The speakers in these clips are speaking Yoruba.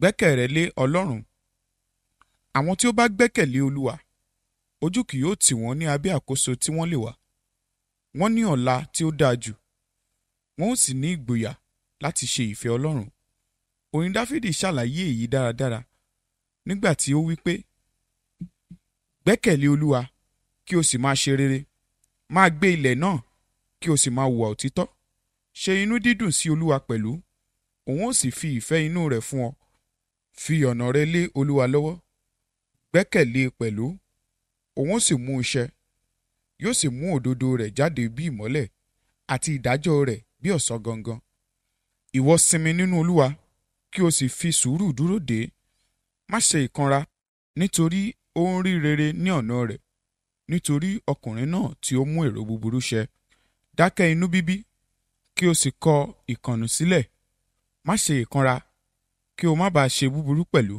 gbẹ́kẹ̀ rẹ lé ọlọ́run àwọn tí ó bá gbẹ́kẹ̀ lé olúwa ojú kì yóò tì wọ́n ní abẹ́ àkóso tí wọ́n lè wà wọ́n ní ọ̀la tí ó dáa jù wọ́n ó sì ní ìgboyà láti ṣe ìfẹ́ ọlọ́run orin dáfídì ṣàlàyé èyí dáradára nígbà tí ó wí pé gbẹ́kẹ̀lé olúwa kí o sì máa ṣe rere máa gbé ilẹ̀ náà kí o sì máa hùwà òtítọ́ ṣe inú dídùn sí olúwa pẹ̀lú òun ó sì fi ìfẹ́ inú rẹ̀ fún ọ fi ọ̀nà rẹ lé olúwa lọ́wọ́ gbẹ́kẹ̀lé e pẹ̀lú òun sì mú iṣẹ́ yóò sì mú òdodo rẹ̀ jáde bí ìmọ́lẹ̀ àti ìdájọ́ rẹ̀ bí ọ̀sán gangan ìwọ sinmi nínú olúwa kí o sì fi sùúrù dúró dè má ṣe ìkanra nítorí ó ń rí rere ní ọ̀nà rẹ̀ nítorí ọkùnrin náà tí ó mú èrò búburú ṣẹ dákẹ́ inú bíbí kí o sì kọ ìkànnù sílẹ̀ má ṣe ìkanra kí o má bàa ṣe búburú pẹ̀lú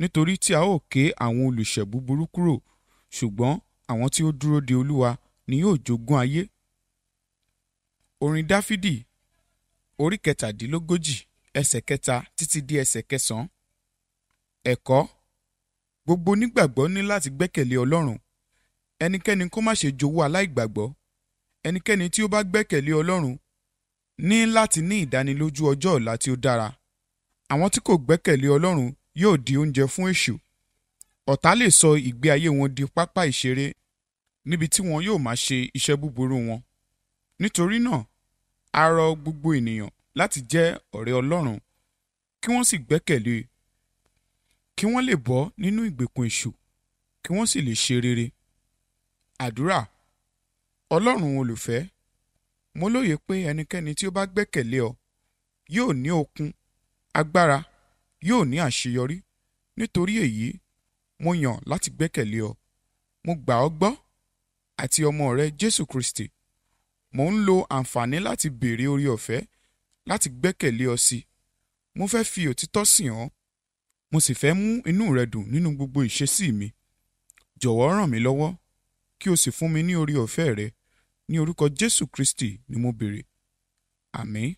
nítorí tí a ó ké àwọn olùṣẹ́ búburú kúrò ṣùgbọ́n àwọn tí ó dúró de olúwa ni yóò jogún ayé. orin dáfídì orí kẹtàdínlógójì ẹsẹ̀ kẹta títí di ẹsẹ̀ kẹsàn-án. ẹ̀kọ́ gbogbo onígbàgbọ́ ní láti gbẹ́kẹ̀lé ọlọ́run ẹnikẹ́ni kó má ṣe jowó aláìgbàgbọ́ ẹnikẹ́ni tí ó bá gbẹ́kẹ̀lé ọlọ́run ní láti ní ìdánilójú ọjọ́ ọ̀la tí ó dára àwọn tí kò gbẹ́kẹ̀lé ọlọ́run yóò di oúnjẹ fún èṣù ọ̀tá lè sọ ìgbé ayé wọn di pápá ìṣeré níbi tí wọn yóò máa ṣe iṣẹ́ búburú wọn nítorí náà a rọ gbogbo ènìyàn láti jẹ́ ọ̀rẹ́ ọlọ́run kí wọ́n sì gbẹ́kẹ̀lé kí wọ́n lè bọ́ nínú ìgbèkùn èṣù kí wọ́n sì lè ṣe rere àdúrà ọlọ́run olùfẹ́ mo lóye pé ẹnikẹ́ni tí ó bá gbẹ́kẹ̀lé ọ yóò ní okun agbára yóò ní àṣeyọrí nítorí èyí mo yàn láti gbẹ́kẹ̀lé ọ mo gbà ọ́ gbọ́ àti ọmọ rẹ Jésù Kristi mo ń lo àǹfààní láti béèrè orí ọ̀fẹ́ láti gbẹ́kẹ̀lé ọ sí mo fẹ́ fi òtítọ́ sìn ọ́ mo sì fẹ́ mú inú rẹ dùn nínú gbogbo ìṣesí mi jọ̀wọ́ ràn mí lọ́wọ́ kí o sì fún mi ní orí ọ̀fẹ́ rẹ ní orúkọ Jésù Kristi ni mo béèrè àmín